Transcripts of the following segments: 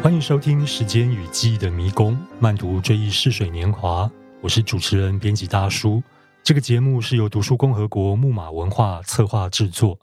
歡迎收聽《時間與記憶的迷宮》，漫讀追憶逝水年華。我是主持人編輯大叔。這個節目是由讀書共和國、木馬文化策劃制作。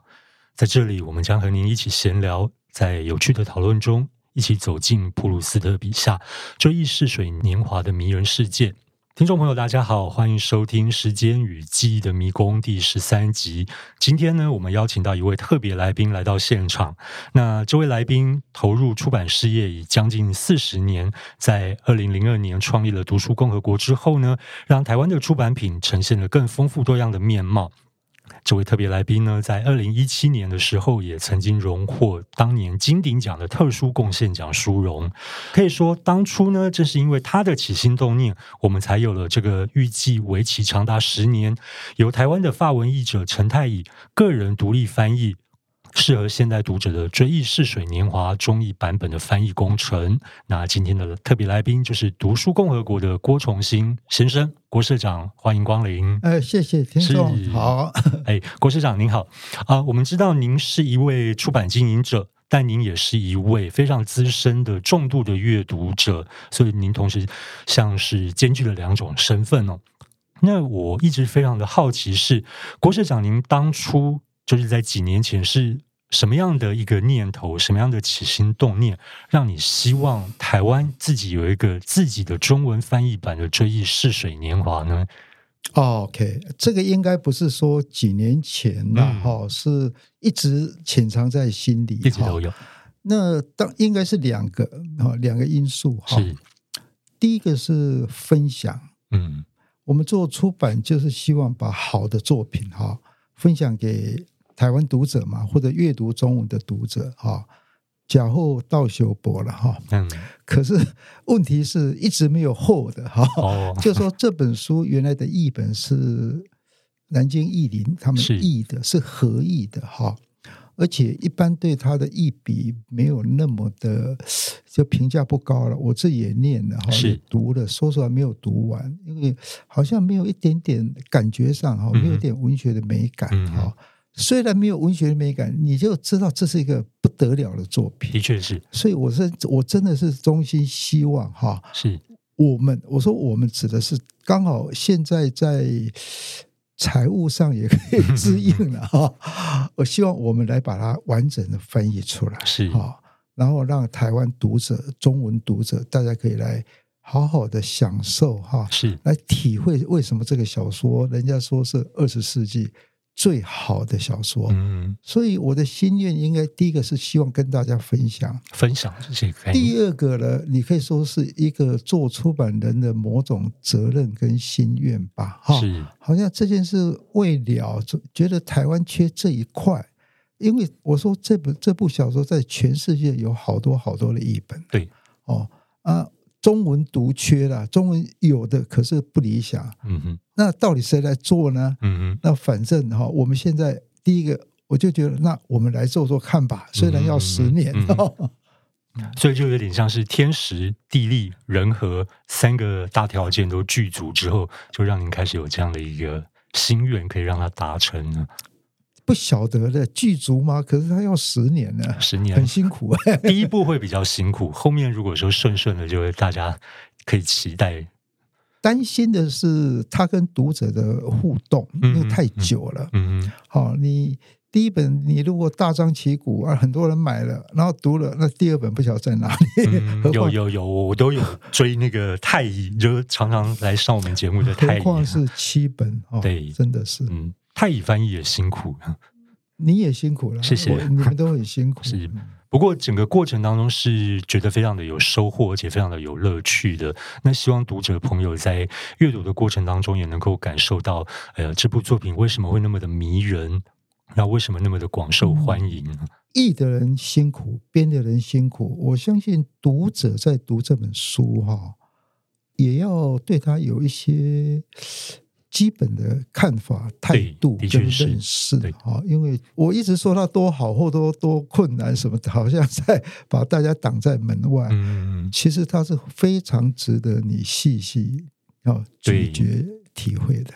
在這裡，我們將和您一起閒聊，在有趣的討論中，一起走進普魯斯特筆下追憶逝水年華的迷人世界。聽眾朋友，大家好，歡迎收聽《時間與記憶的迷宮》第十三集。今天呢，我們邀請到一位特別來賓來到現場。那這位來賓投入出版事業已將近四十年，在二零零二年創立了讀書共和國之後呢，讓台灣的出版品呈現了更豐富多樣的面貌。這位特別來賓呢，在二零一七年的時候，也曾經榮獲當年金鼎獎的特殊貢獻獎殊榮。可以說，當初呢，正是因為他的起心動念，我們才有了這個預計為期長達十年，由台灣的法文譯者陳太乙個人獨立翻譯。適合現代讀者的《追憶似水年華》中譯版本的翻譯工程。那今天的特別來賓就是《讀書共和國》的郭重興先生，郭社長，歡迎光臨。哎、呃，謝謝聽眾，是好。哎，郭社長您好啊，我們知道您是一位出版經營者，但您也是一位非常資深的重度的閱讀者，所以您同時像是兼具了兩種身份哦。那我一直非常的好奇是，郭社長，您當初。就是在幾年前是什麼樣的一個念頭，什麼樣的起心動念，讓你希望台灣自己有一個自己的中文翻譯版的《追憶逝水年華》呢？OK，這個應該不是說幾年前那、啊、哈、嗯哦，是一直潛藏在心裡，一直都有。哦、那當應該是兩個哈、哦，兩個因素哈是、哦。第一個是分享，嗯，我們做出版就是希望把好的作品哈、哦、分享給。台灣讀者嘛，或者閱讀中文的讀者，哈、哦，假後到修博了哈。哦嗯、可是問題是一直沒有貨的哈。哦哦、就說這本書原來的譯本是南京譯林他們譯的，是，是合譯的哈、哦。而且一般對他的譯筆沒有那麼的，就評價不高了。我自己也念了哈，哦、是也讀了，說出來沒有讀完，因為好像沒有一點點感覺上哈、哦，沒有一點文學的美感哈。嗯嗯哦雖然沒有文學的美感，你就知道這是一個不得了的作品。的確確是。所以我是，我真的是衷心希望哈，是，我們，我說我們指的是剛好現在在財務上也可以知應了哈。 我希望我們來把它完整的翻譯出來，是，然後讓台灣讀者、中文讀者大家可以來好好的享受哈，是，來體會為什麼這個小說人家說是二十世紀。最好的小說，嗯，所以我的心願應該第一個是希望跟大家分享，分享。這是第二個呢，你可以說是一個做出版人的某種責任跟心願吧，哈，好像這件事未了，覺得台灣缺這一塊，因為我說這本這部小說在全世界有好多好多的譯本，對，哦，啊。中文獨缺啦，中文有的可是不理想。嗯哼，那到底誰來做呢？嗯哼，那反正哈，我們現在第一個，我就覺得，那我們來做做看吧，雖然要十年、嗯嗯。所以就有點像是天時地利人和三個大條件都具足之後，就讓您開始有這樣的一個心願，可以讓它達成。不曉得的劇組嗎？可是他要十年呢，十年很辛苦、欸。第一部會比較辛苦，後面如果說順順的，就是大家可以期待。擔心的是他跟讀者的互動，因為、嗯、太久了。嗯，嗯，嗯，好，你第一本你如果大張旗鼓啊，很多人買了，然後讀了，那第二本不曉得在哪裡。嗯、況有有有，我都有追那個太乙，就 常常來上我們節目的太乙是七本對哦，對，真的是嗯。太乙翻譯也辛苦了，你也辛苦了，謝謝，你們都很辛苦。 是，不過整個過程當中是覺得非常的有收穫，而且非常的有樂趣的。那希望讀者朋友在閱讀的過程當中也能夠感受到，哎、呃、這部作品為什麼會那麼的迷人？那為什麼那麼的廣受歡迎呢？譯、嗯、的人辛苦，編的人辛苦，我相信讀者在讀這本書哈、哦，也要對他有一些。基本的看法、態度跟認識啊，因為我一直說他多好或多多困難什麼的，好像在把大家擋在門外。嗯，其實他是非常值得你細細要咀嚼體會的。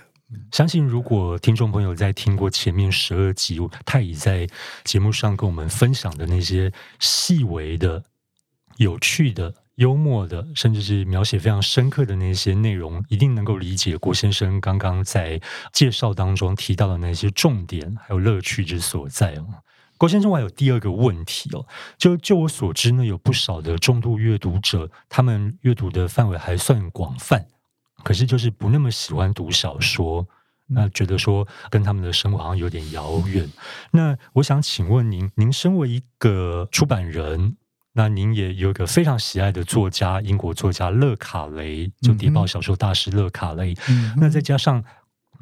相信如果聽眾朋友在聽過前面十二集太乙在節目上跟我們分享的那些細微的、有趣的。幽默的，甚至是描寫非常深刻的那些內容，一定能夠理解郭先生剛剛在介紹當中提到的那些重點，還有樂趣之所在哦。郭先生，我還有第二個問題哦。就就我所知呢，有不少的重度閱讀者，他們閱讀的範圍還算廣泛，可是就是不那麼喜歡讀小說，那覺得說跟他們的生活好像有點遙遠。那我想請問您，您身為一個出版人。那您也有一個非常喜愛的作家，英國作家勒卡雷，就諜報小說大師勒卡雷。嗯、哼那再加上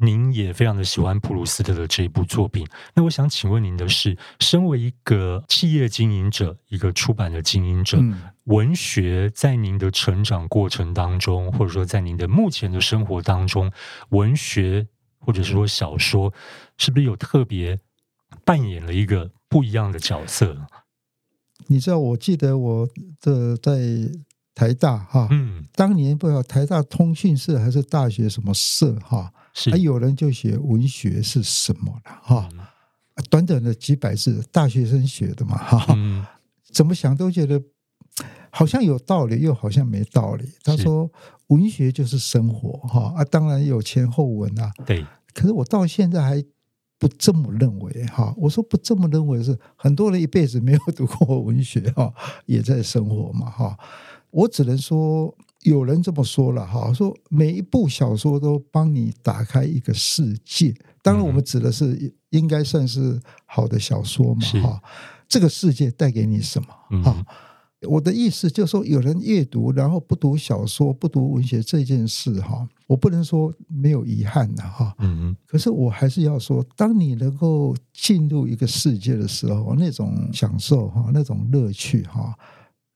您也非常的喜歡普魯斯特的這一部作品。那我想請問您的是，身為一個企業經營者，一個出版的經營者，嗯、文學在您的成長過程當中，或者說在您的目前的生活當中，文學或者是說小說，是不是有特別扮演了一個不一樣的角色？你知道，我記得我的在台大哈，嗯，當年不知道台大通訊社還是大學什麼社哈，還是、啊、有人就寫文學是什麼了哈，短短的幾百字，大學生寫的嘛哈，嗯、怎麼想都覺得好像有道理，又好像沒道理。他說是文學就是生活哈，啊，當然有前後文啊，對，可是我到現在還。不這麼認為哈，我說不這麼認為是很多人一輩子沒有讀過文學哈，也在生活嘛哈。我只能說有人這麼說了哈，說每一部小說都幫你打開一個世界，當然我們指的是應該算是好的小說嘛哈。是這個世界帶給你什麼？哈。嗯我的意思就是說，有人閱讀，然後不讀小說、不讀文學這件事，哈，我不能說沒有遺憾的，啊，哈，嗯，嗯，可是我還是要說，當你能夠進入一個世界的時候，那種享受哈，那種樂趣哈，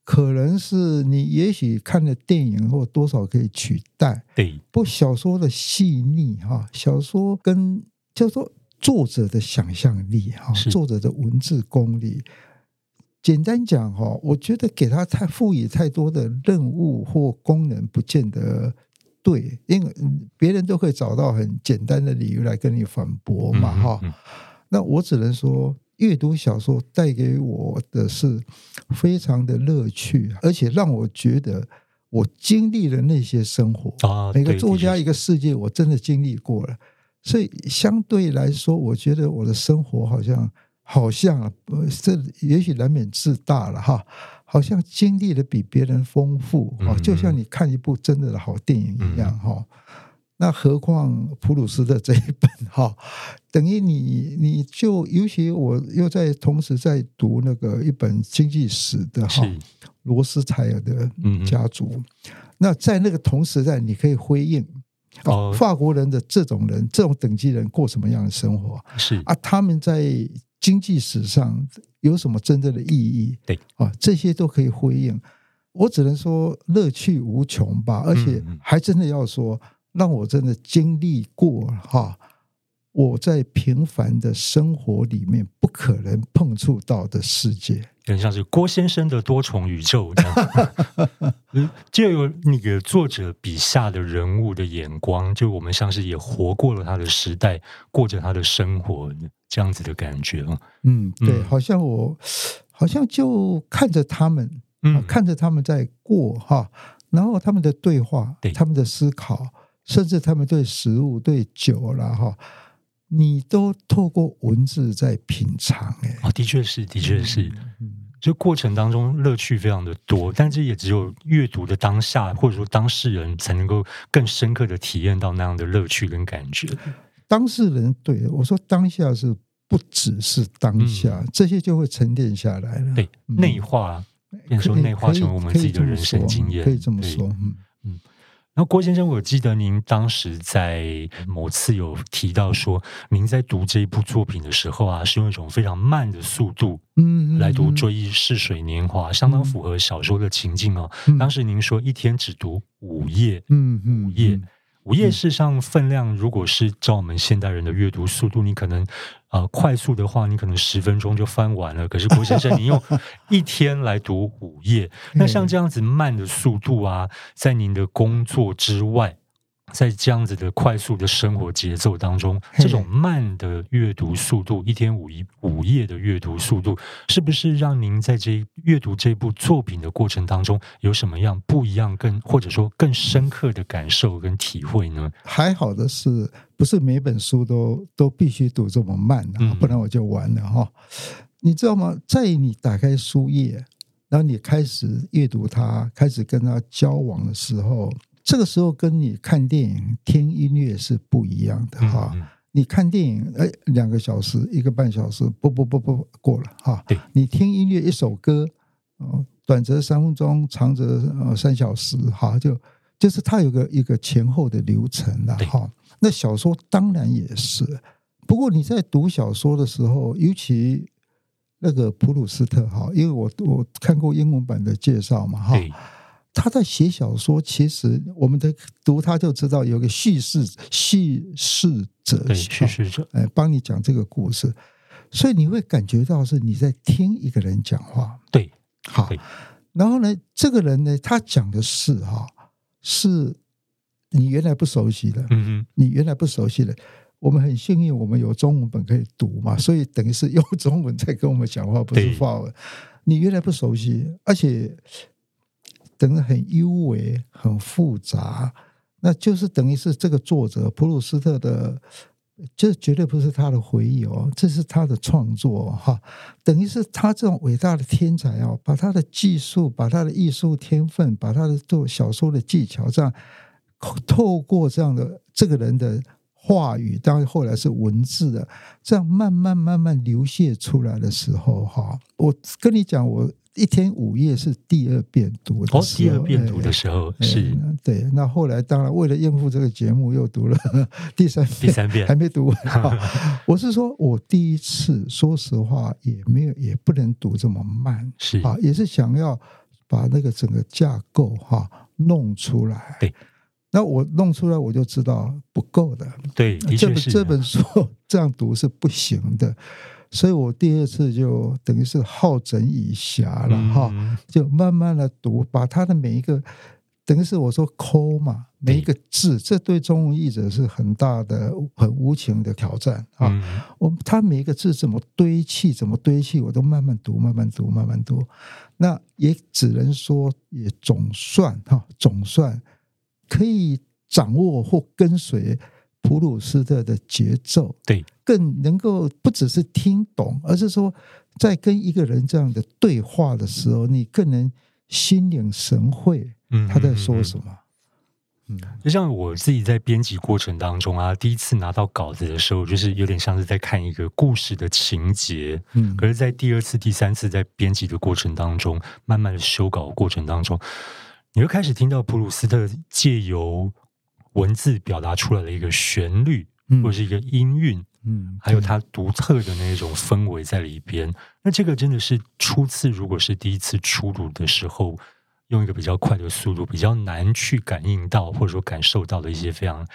可能是你也許看了電影或多少可以取代，對 不過小說的細膩哈，小說跟就是說作者的想象力哈，作者的文字功力。簡單講哈，我覺得給他太賦予太多的任務或功能，不見得對，因為別人都可以找到很簡單的理由來跟你反駁嘛，哈、嗯。嗯、那我只能說，閱讀小說帶給我的是非常的樂趣，而且讓我覺得我經歷了那些生活啊，每個作家對一個世界，我真的經歷過了，所以相對來說，我覺得我的生活好像。好像這也許難免自大了哈，好像經歷的比別人豐富啊，就像你看一部真的好電影一樣哈。那何況普魯斯特的這一本哈，等於你你就尤其我又在同時在讀那個一本經濟史的哈，是羅斯柴爾德家族。那在那個同時代，你可以回應、哦哦、法國人的這種人，這種等級人過什麼樣的生活是啊，他們在。經濟史上有什麼真正的、的意義？對啊，這些都可以呼應。我只能說樂趣無窮吧，而且還真的要說，讓我真的經歷過哈、啊，我在平凡的生活裡面不可能碰觸到的世界，很像是郭先生的多重宇宙這樣。 就有那個作者筆下的人物的眼光，就我們像是也活過了他的時代，過着他的生活。這樣子的感覺嗎？嗯，對，好像我好像就看着他們，嗯、看着他們在過哈，然後他們的對話，對他們的思考，甚至他們對食物、對酒了哈，你都透過文字在品嘗、欸。啊、哦，的確是，的確是，就過程當中樂趣非常的多，但這也只有閱讀的當下，或者說當事人，才能夠更深刻的體驗到那樣的樂趣跟感覺。當事人對我說：“當下是不只是當下，嗯、這些就會沉澱下來了。對，內化，可以內化成我們自己的人生經驗。可以這麼說，嗯對嗯。然後郭先生，我記得您當時在某次有提到說，嗯、您在讀這一部作品的時候啊，是用一種非常慢的速度，嗯，來讀《追憶逝水年華》，嗯、相當符合小說的情境哦、啊。嗯、當時您說一天只讀五頁、嗯，嗯，五、嗯、頁。”五頁事實上分量，如果是照我們現代人的閱讀速度，你可能呃快速的話，你可能十分鐘就翻完了。可是郭先生，你用一天來讀五頁， 那像這樣子慢的速度啊，在您的工作之外。在這樣子的快速的生活節奏當中，這種慢的閱讀速度，嗯、一天五一五頁的閱讀速度，是不是讓您在這閱讀這部作品的過程當中有什麼樣不一樣更，更或者說更深刻的感受跟體會呢？還好的是，不是每本書都都必須讀這麼慢啊，不然我就完了哈。嗯、你知道嗎？在你打開書頁，然後你開始閱讀它，開始跟它交往的時候。這個時候跟你看電影、聽音樂是不一樣的哈、哦。嗯嗯，你看電影，哎、欸，兩個小時、一個半小時，不不不不，不過了哈、哦。對你聽音樂，一首歌、呃，短則三分鐘，長則呃三小時，哈、哦，就就是它有個一個前後的流程哈、啊對哦。那小說當然也是，不過你在讀小說的時候，尤其那個普魯斯特哈、哦，因為我我看過英文版的介紹嘛哈。他在寫小說，其實我們在讀，他就知道有個敘事，敘事者，對，敘事者，哎，幫你講這個故事，所以你會感覺到是你在聽一個人講話，對，好，對然後呢，這個人呢，他講的事哈，是你原來不熟悉的，嗯哼，你原來不熟悉的，我們很幸運，我們有中文本可以讀嘛，所以等於是用中文在跟我們講話，不是法文，對你原來不熟悉，而且。整的很優美，很複雜，那就是等於是這個作者普魯斯特的。這絕對不是他的回憶哦，這是他的創作哈、哦，等於是他這種偉大的天才哦，把他的技術，把他的藝術天分，把他的做小說的技巧，這樣透過這樣的這個人的。話語當然後來是文字的，這樣慢慢慢慢流瀉出來的時候，哈，我跟你講，我一天午夜是第二遍讀的時候，哦，第二遍讀的時候、哎、是、哎，對，那後來當然為了應付這個節目，又讀了第三第三遍，三遍還沒讀完。 我是說我第一次，說實話也沒有，也不能讀這麼慢，是啊，也是想要把那個整個架構哈弄出來。對。那我弄出來，我就知道不夠的。對，這本的確是這本書這樣讀是不行的，所以我第二次就等於是好整以暇了哈、嗯，就慢慢的讀，把它的每一個等於是我說摳嘛，每一個字，對，這對中文譯者是很大的、很無情的挑戰啊。嗯、我他每一個字怎麼堆砌，怎麼堆砌，我都慢慢讀，慢慢讀，慢慢讀。慢慢讀那也只能說，也總算哈，總算。可以掌握或跟隨普魯斯特的節奏，對，更能夠不只是聽懂，而是說在跟一個人這樣的對話的時候，你更能心領神會，嗯，他在說什麼。嗯，嗯，嗯，嗯就像我自己在編輯過程當中啊，第一次拿到稿子的時候，就是有點像是在看一個故事的情節，嗯，可是，在第二次、第三次在編輯的過程當中，慢慢的修稿的過程當中。你會開始聽到普魯斯特借由文字表達出來的一個旋律，或者是一個音韻，嗯，還有它獨特的那種氛圍在裡邊。那這個真的是初次，如果是第一次初讀的時候，用一個比較快的速度，比較難去感應到或者說感受到的一些非常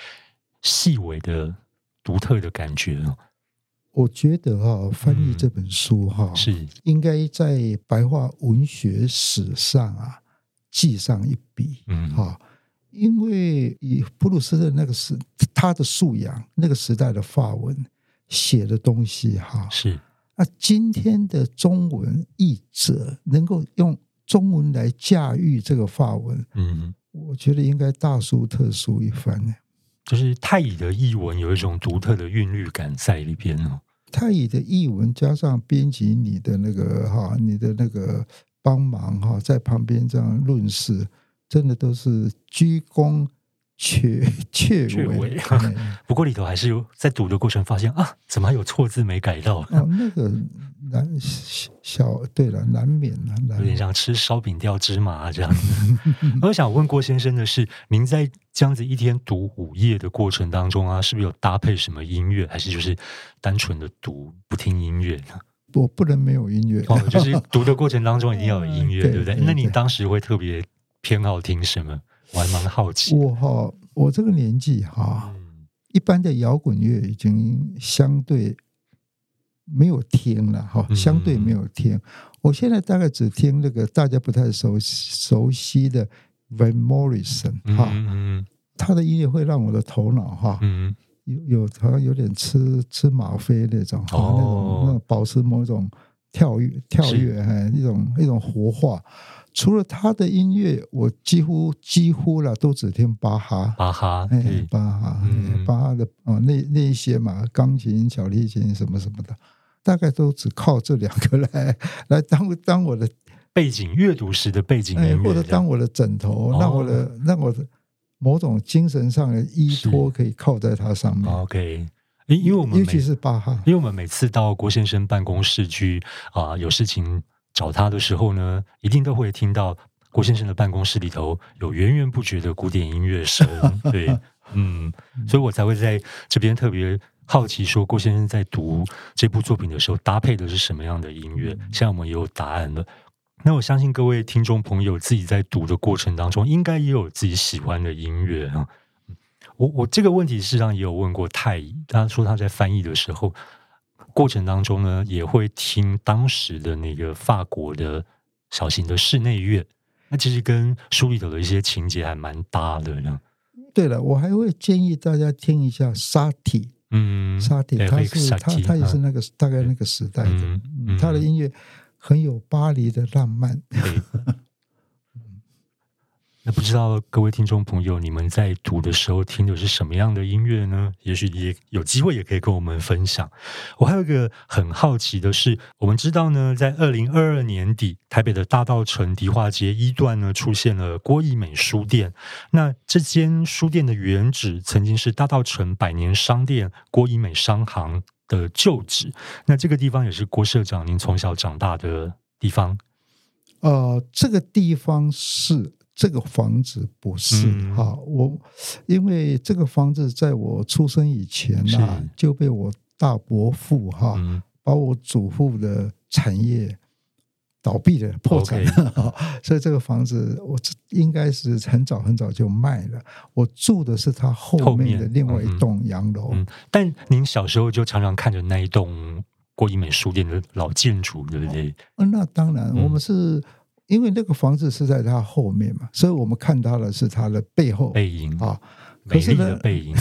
細微的、獨特的感覺。我覺得啊、哦，翻譯這本書哈、哦嗯，是應該在白話文學史上啊。記上一筆，嗯、因為以普魯斯特那個是他的素養，那個時代的法文寫的東西，哈、啊，是那今天的中文譯者能夠用中文來駕馭這個法文，嗯，我覺得應該大書特書一番呢。就是太乙的譯文有一種獨特的韻律感在裡邊哦。太乙的譯文加上編輯你的那個哈、啊，你的那個。幫忙哈，在旁邊這樣論事，真的都是鞠躬卻卻委。不過裡頭還是有在讀的過程，發現啊，怎麼還有錯字沒改到？哦、那個難小對了，難免啊，難免有點像吃燒餅掉芝麻、啊、這樣子 我想問郭先生的是，您在這樣子一天讀五頁的過程當中啊，是不是有搭配什麼音樂，還是就是單純的讀不聽音樂呢？我不能沒有音樂哦，就是讀的過程當中一定要有音樂， 對不對，對？那你當時會特別偏好聽什麼？我還蠻好奇。我哈、哦，我這個年紀哈、哦，嗯、一般的搖滾樂已經相對沒有聽了哈、哦，相對沒有聽。嗯嗯，我現在大概只聽那個大家不太熟悉熟悉的 Van Morrison 哈、哦，嗯嗯嗯，他的音樂會讓我的頭腦哈、哦。嗯嗯有有好像有點吃吃嗎啡那種哈、哦，那種那保持某種跳躍跳躍哈是、欸，一種一種活化。對 除了他的音樂，我幾乎幾乎了都只聽巴哈，巴哈，哎、欸，巴哈，欸嗯、巴哈的哦、呃，那那一些嘛，鋼琴、小提琴什麼什麼的，大概都只靠這兩個來來當當我的背景閱讀時的背景的音樂，或者當我的枕頭，讓我的讓我的。某種精神上的依托可以靠在它上面。O、okay、K，因為我們尤其是巴哈，因為我們每次到郭先生辦公室去啊，有事情找他的時候呢，一定都會聽到郭先生的辦公室裡頭有源源不絕的古典音樂聲。對，嗯， 所以我才會在這邊特別好奇，說郭先生在讀這部作品的時候搭配的是什麼樣的音樂。現在我們也有答案了。那我相信各位聽眾朋友自己在讀的過程當中，應該也有自己喜歡的音樂啊。我我這個問題事實上也有問過太乙，他說他在翻譯的時候過程當中呢，也會聽當時的那個法國的小型的室內樂，那其實跟書裡頭的一些情節還蠻搭的呢。對了，我還會建議大家聽一下沙提，嗯，沙提，他是，他，沙提，他他也是那個、嗯、大概那個時代的，嗯嗯、他的音樂，很有巴黎的浪漫。那不知道各位聽眾朋友，你們在讀的時候聽的是什麼樣的音樂呢？也許也有機會也可以跟我們分享。我還有一個很好奇的是，我們知道呢，在二零二二年底，台北的大稻埕迪化街一段呢，出現了郭怡美書店。那這間書店的原址曾經是大稻埕百年商店郭怡美商行，的舊址，那這個地方也是郭社長您從小長大的地方？呃，這個地方是這個房子不是哈、嗯啊？我因為這個房子在我出生以前呢、啊，是、就被我大伯父哈、啊嗯、把我祖父的產業。倒閉的破產了 okay、哦，所以這個房子我應該是很早很早就賣了。我住的是它後面的另外一棟洋樓。嗯嗯，但您小時候就常常看着那一棟郭怡美書店的老建築，對不對？嗯、哦，那當然，我們是、嗯、因為那個房子是在它後面嘛，所以我們看到的是它的背後背影啊，哦、美麗的背影。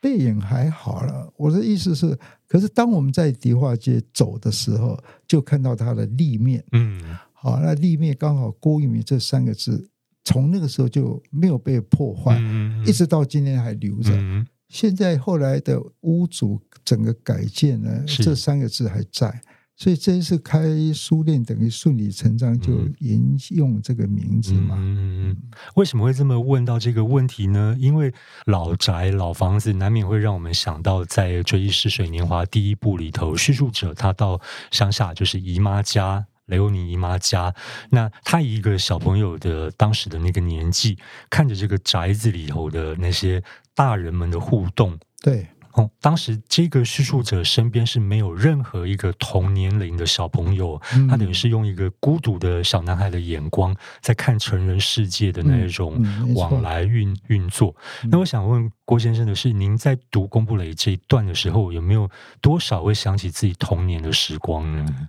背影還好了，我的意思是，可是當我們在迪化街走的時候，就看到它的立面，嗯，好，那立面剛好郭怡美這三個字，從那個時候就沒有被破壞，嗯嗯、一直到今天還留着。嗯、現在後來的屋主整個改建呢，是這三個字還在。所以這一次開書店，等於順理成章就沿用這個名字嘛。嗯嗯，為什麼會這麼問到這個問題呢？因為老宅、老房子難免會讓我們想到在《追憶逝水年華》第一部裡頭，敘述者他到鄉下就是姨媽家，雷歐尼姨媽家。那他一個小朋友的當時的那個年紀，看着這個宅子裡頭的那些大人們的互動，對。哦，當時這個敘述者身邊是沒有任何一個同年齡的小朋友，嗯、他等於是用一個孤獨的小男孩的眼光在看成人世界的那一種往來運、嗯嗯、運作。那我想問郭先生的是，您在讀貢布雷這一段的時候，有沒有多少會想起自己童年的時光呢？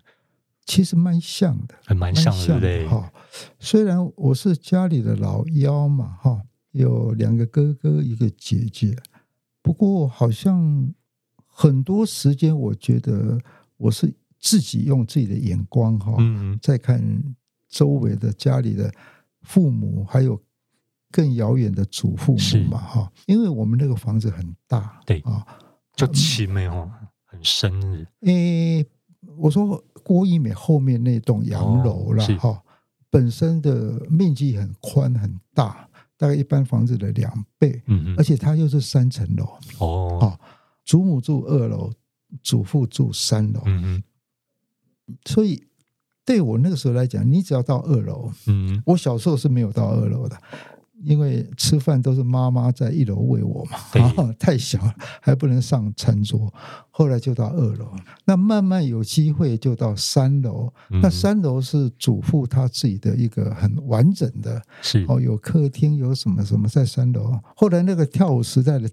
其實蠻像的，還蠻像的嘞、哦。雖然我是家裡的老幺嘛，哈、哦，有兩個哥哥，一個姐姐。不過，好像很多時間，我覺得我是自己用自己的眼光哈，嗯嗯，在看周圍的家裡的父母，還有更遙遠的祖父母嘛哈。是 因為我們那個房子很大對，對啊，就前面哦，嗯、很深的。誒，我說郭一美後面那棟洋樓啦，哈、哦，本身的面積很寬很大。大概一般房子的兩倍，嗯哼，而且它又是三層樓，哦，哦，祖母住二樓，祖父住三樓，嗯哼，所以對我那個時候來講，你只要到二樓，嗯哼，我小時候是沒有到二樓的。因為吃飯都是媽媽在一樓餵我嘛，對太小還不能上餐桌，後來就到二樓。那慢慢有機會就到三樓，嗯、哼那三樓是祖父他自己的一個很完整的，是哦，有客廳，有什麼什麼在三樓。後來那個跳舞時代的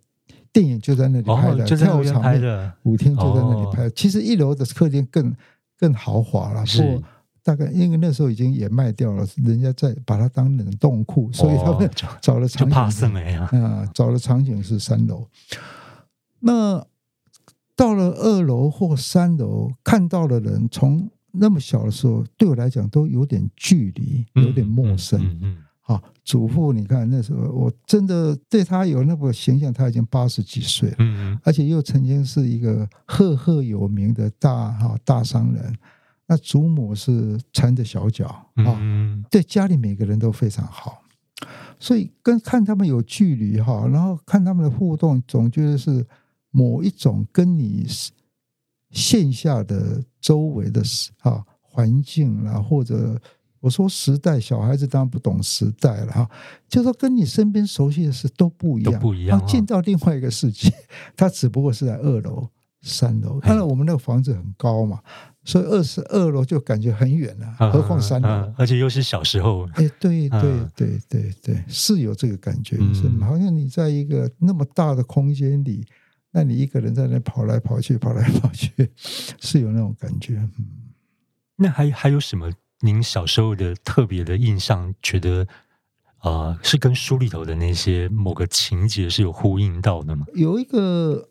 電影就在那裡拍的，跳舞場面舞廳就在那裡拍。哦、其實一樓的客廳更更豪華了，是。大概因為那時候已經也賣掉了，人家在把它當冷凍庫，所以他們找了場景是沒了啊。嗯、找了場景是三樓，那到了二樓或三樓看到的人，從那麼小的時候，對我來講都有點距離，有點陌生。嗯嗯，好、嗯，嗯嗯、祖父，你看那時候我真的對他有那個形象，他已經八十幾歲了嗯嗯，嗯而且又曾經是一個赫赫有名的大哈大商人。那祖母是纏着小腳啊、哦，對家裡每個人都非常好，所以跟看他們有距離哈、哦，然後看他們的互動，總覺得是某一種跟你線下的周圍的啊、哦、環境啊或者我說時代，小孩子當然不懂時代了哈、哦，就說跟你身邊熟悉的事都不一樣，不一樣，進到另外一個世界，它只不過是在二樓、三樓，當然我們那個房子很高嘛。所以二十二樓就感覺很遠了，啊啊啊啊何況三樓，而且又是小時候。哎、欸，對，對對對對對，是有這個感覺，嗯、是好像你在一個那麼大的空間裡，那你一個人在那跑來跑去，跑來跑去，是有那種感覺。嗯、那還還有什麼？您小時候的特別的印象，覺得啊、呃，是跟書裡頭的那些某個情節是有呼應到的嗎？有一個。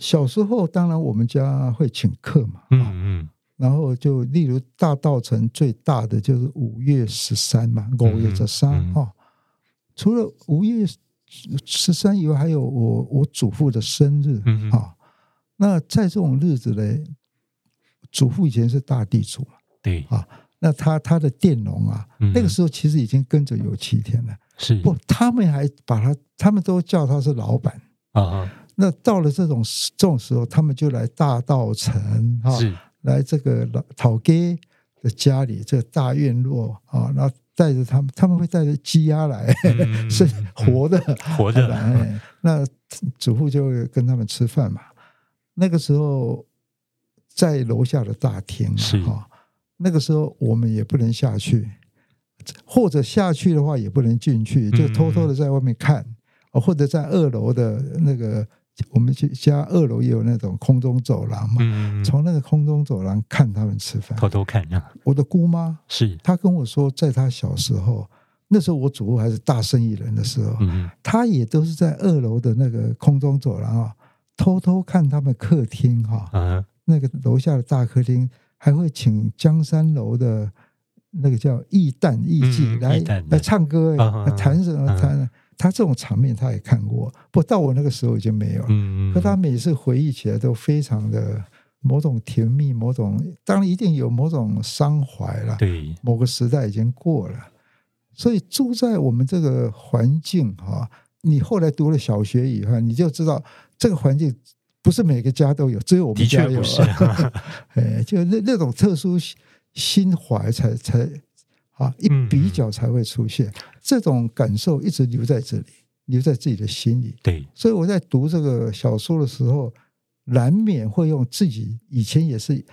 小時候，當然我們家會請客嘛，嗯嗯，然後就例如大稻埕最大的就是五月十三嘛，五月十三號。除了五月十三以外，還有我我祖父的生日啊。嗯嗯哦，那在這種日子嘞，祖父以前是大地主嘛，對啊，哦，那他他的佃農啊，那個時候其實已經跟着有七天了，是不？他們還把他，他們都叫他是老板啊。那到了這種這種時候，他們就來大稻埕哈，哦、是來這個老討街的家裡這個、大院落啊，那帶着他們，他們會帶着雞鴨來，是、嗯、 活的著，活着來。那祖父就會跟他們吃飯嘛。那個時候在樓下的大廳啊是、哦，那個時候我們也不能下去，或者下去的話也不能進去，就偷偷的在外面看，嗯嗯或者在二樓的那個。我們去家二樓也有那種空中走廊嘛，從、嗯、那個空中走廊看他們吃飯，偷偷看、啊、我的姑媽是，她跟我說，在她小時候，那時候我祖父還是大生意人的時候，嗯、她也都是在二樓的那個空中走廊啊、哦，偷偷看他們客廳哈、哦，嗯、那個樓下的大客廳還會請江山樓的那個叫藝旦藝妓來、嗯、來唱歌、欸，啊啊來彈什麼彈。啊他這種場面他也看過，不過，到我那個時候已經沒有了。嗯嗯，可他每次回憶起來都非常的某種甜蜜，某種，當然一定有某種傷懷了。對，某個時代已經過了，所以住在我們這個環境哈、啊，你後來讀了小學以後，你就知道這個環境不是每個家都有，只有我們家有、啊。不是、啊， 就那那種特殊心懷才才。才啊，一比較才會出現這種感受，一直留在這裡，留在自己的心裡。對，所以我在讀這個小說的時候，難免會用自己以前也是。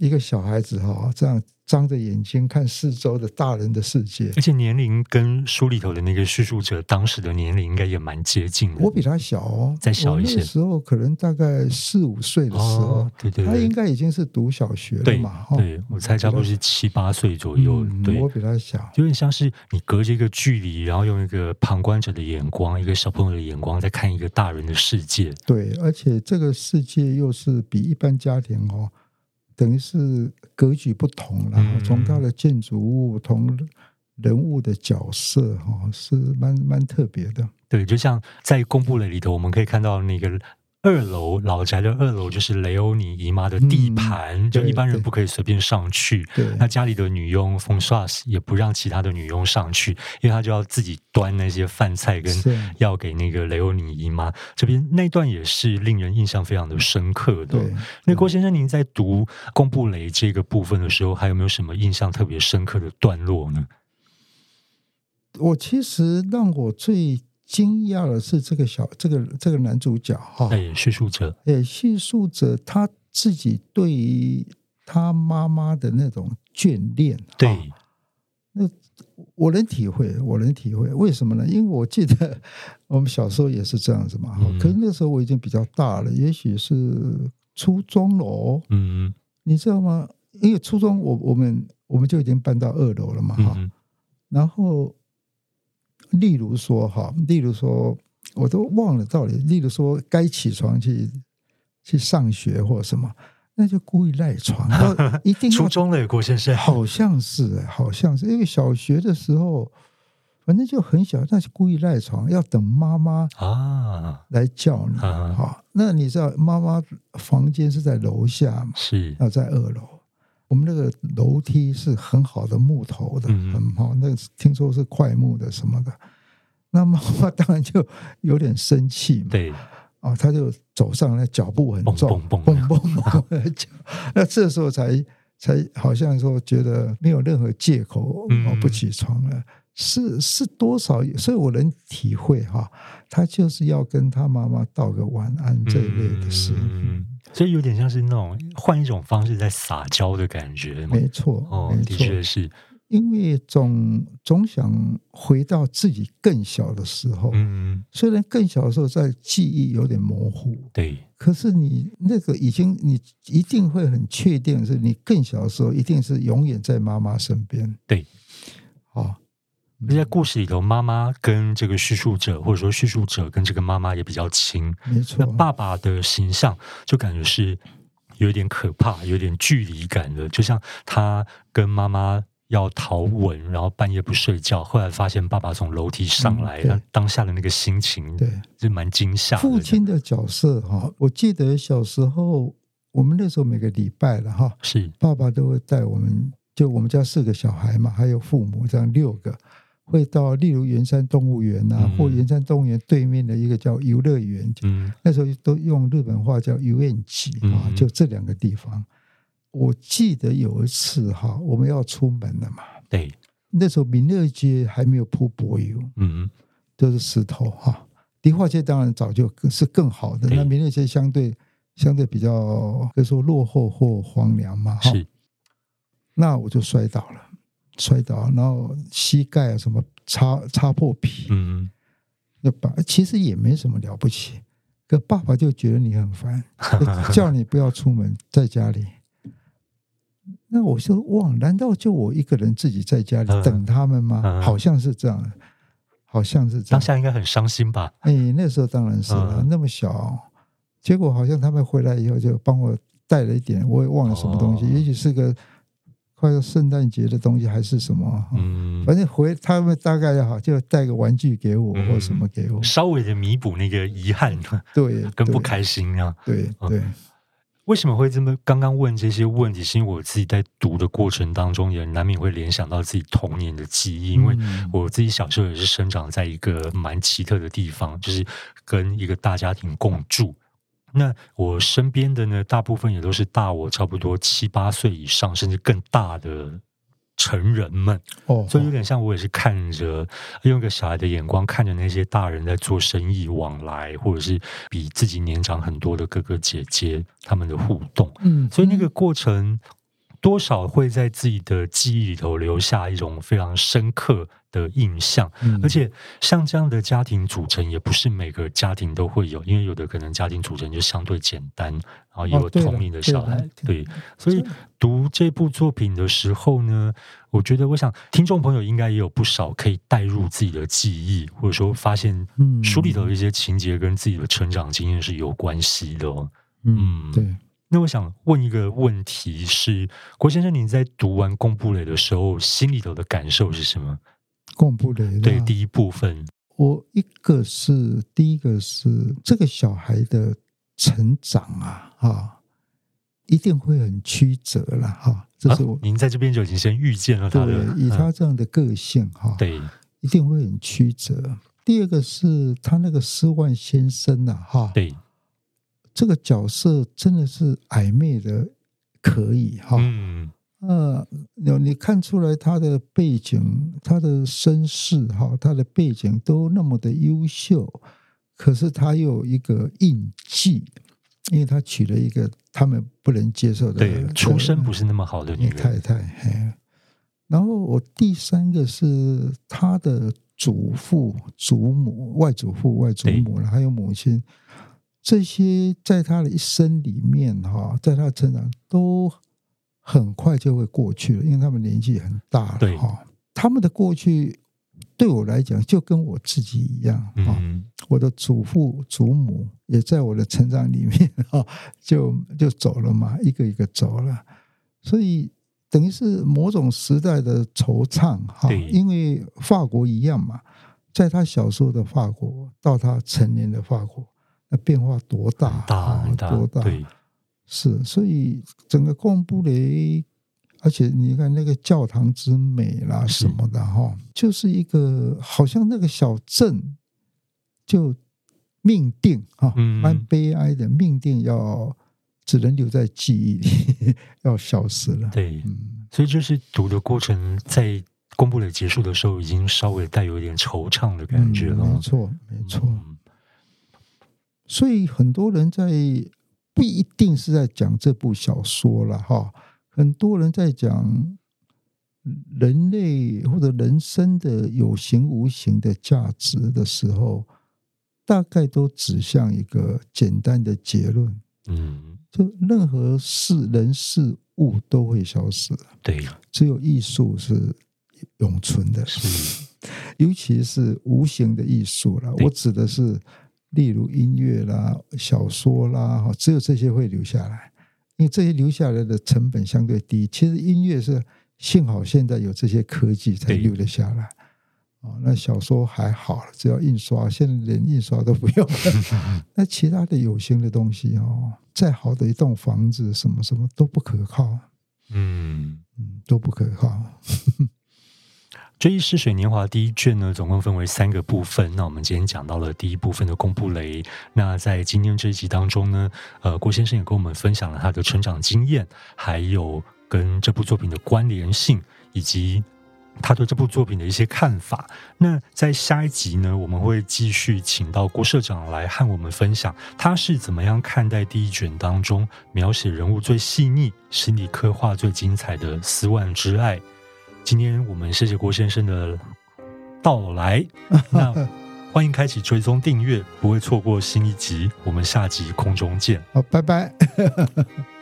一個小孩子哈、哦，這樣張着眼睛看四周的大人的世界，而且年齡跟書裡頭的那個敘述者當時的年齡應該也蠻接近的。我比他小哦，再小一些。那時候可能大概四五歲的時候，哦、對，對對，他應該已經是讀小學了嘛，哈，對，我，我猜差不多是七八歲左右。嗯、對我比他小，有點像是你隔着一個距離，然後用一個旁觀者的眼光，一個小朋友的眼光在看一個大人的世界。對，而且這個世界又是比一般家庭哦。等於是格局不同了，從它的建築物同人物的角色哈，是蠻蠻特別的。嗯、對，就像在貢布雷裡頭，我們可以看到那個。二樓，老宅的二樓就是雷歐尼姨媽的地盤，嗯、就一般人不可以隨便上去。那家裡的女傭馮莎也不讓其他的女傭上去，因為她就要自己端那些飯菜跟要給那個雷歐尼姨媽、啊、這邊那段也是令人印象非常的深刻的。對對，那郭先生，您在讀貢布雷這個部分的時候，還有沒有什麼印象特別深刻的段落呢？我其實讓我最。驚訝的是這，這個小這個這個男主角哈，哎、欸，敘述者，哎、欸，敘述者他自己對於他媽媽的那種眷戀，對，那我能體會，我能體會，為什麼呢？因為我記得我們小時候也是這樣子嘛，哈、嗯，可能那時候我已經比較大了，也許是初中了，嗯，你知道嗎？因為初中我，我我們我們就已經搬到二樓了嘛，哈、嗯，然後。例如說哈，例如說，我都忘了道理，例如說，該起床去去上學或什麼，那就故意賴床。一定初中了，郭先生好像是，好像是，因為小學的時候，反正就很小，那就故意賴床，要等媽媽啊來叫你。啊、好，那你知道媽媽房間是在樓下嗎？是，要在二樓。我們那個樓梯是很好的木頭的，嗯嗯很好。那聽說是檜木的什麼的，那媽媽當然就有點生氣嘛。對，啊，他就走上來，腳步很重，蹦蹦蹦蹦。那這時候才才好像說覺得沒有任何借口，我、嗯哦、不起床了。是是多少，所以我能體會哈、啊，他就是要跟他媽媽道個晚安這一類的事，嗯、所以有點像是那種換一種方式在撒嬌的感覺沒。沒錯，哦，的確是因為總總想回到自己更小的時候。嗯，雖然更小的時候在記憶有點模糊，對，可是你那個已經你一定會很確定，是你更小的時候一定是永遠在媽媽身邊。對，啊、哦。在故事裡頭，媽媽跟這個敘述者，或者說敘述者跟這個媽媽也比較親。沒錯。那爸爸的形象就感覺是有點可怕，有點距離感的。就像他跟媽媽要討吻，嗯、然後半夜不睡覺，後來發現爸爸從樓梯上來了，當、嗯、當下的那個心情，對，就蠻驚嚇。父親的角色哈，我記得小時候，我們那時候每個禮拜了哈，是爸爸都會帶我們，就我們家四個小孩嘛，還有父母這樣六個。會到例如圓山動物園吶、啊，嗯、或圓山動物園對面的一個叫遊樂園，嗯、那時候都用日本話叫遊園地啊，就這兩個地方。我記得有一次哈，我們要出門了嘛，對，那時候民樂街還沒有鋪柏油，嗯嗯，都是石頭哈。迪化街當然早就是更好的，嗯、那民樂街相對相對比較可以說落後或荒涼嘛，是、哦。那我就摔倒了。摔倒，然後膝蓋啊什麼擦擦破皮，嗯，嗯，那爸其實也沒什麼了不起，可爸爸就覺得你很煩，叫你不要出門，在家裡。 那我就說哇，難道就我一個人自己在家裡等他們嗎？ 好像是這樣，好像是這樣。當下應該很傷心吧？哎、欸，那時候當然是了 那麼小，結果好像他們回來以後就幫我帶了一點，我也忘了什麼東西，哦、也許是個。快到聖誕節的東西還是什麼？嗯，反正回他們大概就好，就帶個玩具給我，嗯、或什麼給我，稍微的彌補那個遺憾，對，跟不開心啊。對對，嗯，為什麼會這麼？剛剛問這些問題，是因為我自己在讀的過程當中，也難免會聯想到自己童年的記憶，嗯、因為我自己小時候也是生長在一個蠻奇特的地方，就是跟一個大家庭共住。那我身邊的呢，大部分也都是大我差不多七八歲以上，甚至更大的成人們，哦，哦，所以有點像我也是看着用一個小孩的眼光看着那些大人在做生意往來，或者是比自己年長很多的哥哥姐姐他們的互動，嗯，嗯，所以那個過程。多少會在自己的記憶裡頭留下一種非常深刻的印象，嗯、而且像這樣的家庭組成，也不是每個家庭都會有，因為有的可能家庭組成就相對簡單，然後也有同齡的小孩，哦、對，對，對。所以讀這部作品的時候呢，所以我覺得，我想聽眾朋友應該也有不少可以帶入自己的記憶，或者說發現書裡頭一些情節跟自己的成長經驗是有關係的，嗯，嗯對。那我想問一個問題是，郭先生，您在讀完《貢布雷》的時候，心裡頭的感受是什麼？貢布雷對第一部分，我一個是第一個是這個小孩的成長啊，哈、哦，一定會很曲折了哈、哦。這是我、啊、您在這邊就已經先預見了他的，他。對，嗯、以他這樣的個性哈、啊，對，一定會很曲折。第二個是他那個斯萬先生啊，哈、哦，對。這個角色真的是曖昧的，可以哈。呃，有你看出來他的背景，他的身世哈，他的背景都那麼的優秀，可是他又有一個印記，因為他娶了一個他們不能接受的，對，嗯，出身不是那麼好的女太太。然後我第三個是他的祖父、祖母、外祖父、外祖母了，還有母親。這些在他的一生裡面哈，在他的成長都很快就會過去了，因為他們年紀很大了哈。他們的過去對我來講，就跟我自己一樣哈。我的祖父祖母也在我的成長裡面哈，就就走了嘛，一個一個走了。所以等於是某種時代的惆悵哈，因為法國一樣嘛，在他小時候的法國，到他成年的法國。那變化多大，大大，大多大，對，是，所以整個貢布雷，而且你看那個教堂之美啦什麼的哈，是就是一個好像那個小鎮就命定蠻、嗯、悲哀的，命定要只能留在記憶裡，要消失了。對，嗯、所以這是讀的過程，在貢布雷結束的時候，已經稍微帶有一點惆悵的感覺了、嗯。沒錯，沒錯。嗯所以很多人在不一定是在講這部小說了哈，很多人在講人類或者人生的有形無形的價值的時候，大概都指向一個簡單的結論：嗯，就任何事人事物都會消失，對，只有藝術是永存的，是尤其是無形的藝術了。對我指的是。例如音樂啦、小說啦，哈，只有這些會留下來，因為這些留下來的成本相對低。其實音樂是幸好現在有這些科技才留得下來對，哦，那小說還好，只要印刷，現在連印刷都不用。 那其他的有形的東西哦，再好的一棟房子，什麼什麼都不可靠，嗯，嗯，都不可靠。 《追憶逝水年華》第一卷呢，總共分為三個部分。那我們今天講到了第一部分的貢布雷。那在今天這一集當中呢，呃，郭先生也跟我們分享了他的成長經驗，還有跟這部作品的關聯性，以及他對這部作品的一些看法。那在下一集呢，我們會繼續請到郭社長來和我們分享，他是怎麼樣看待第一卷當中描寫人物最細膩、心理刻畫最精彩的斯萬之愛。今天我們謝謝郭先生的到來，那歡迎開啟追蹤訂閱，不會錯過新一集。我們下集空中見。好、哦，拜拜。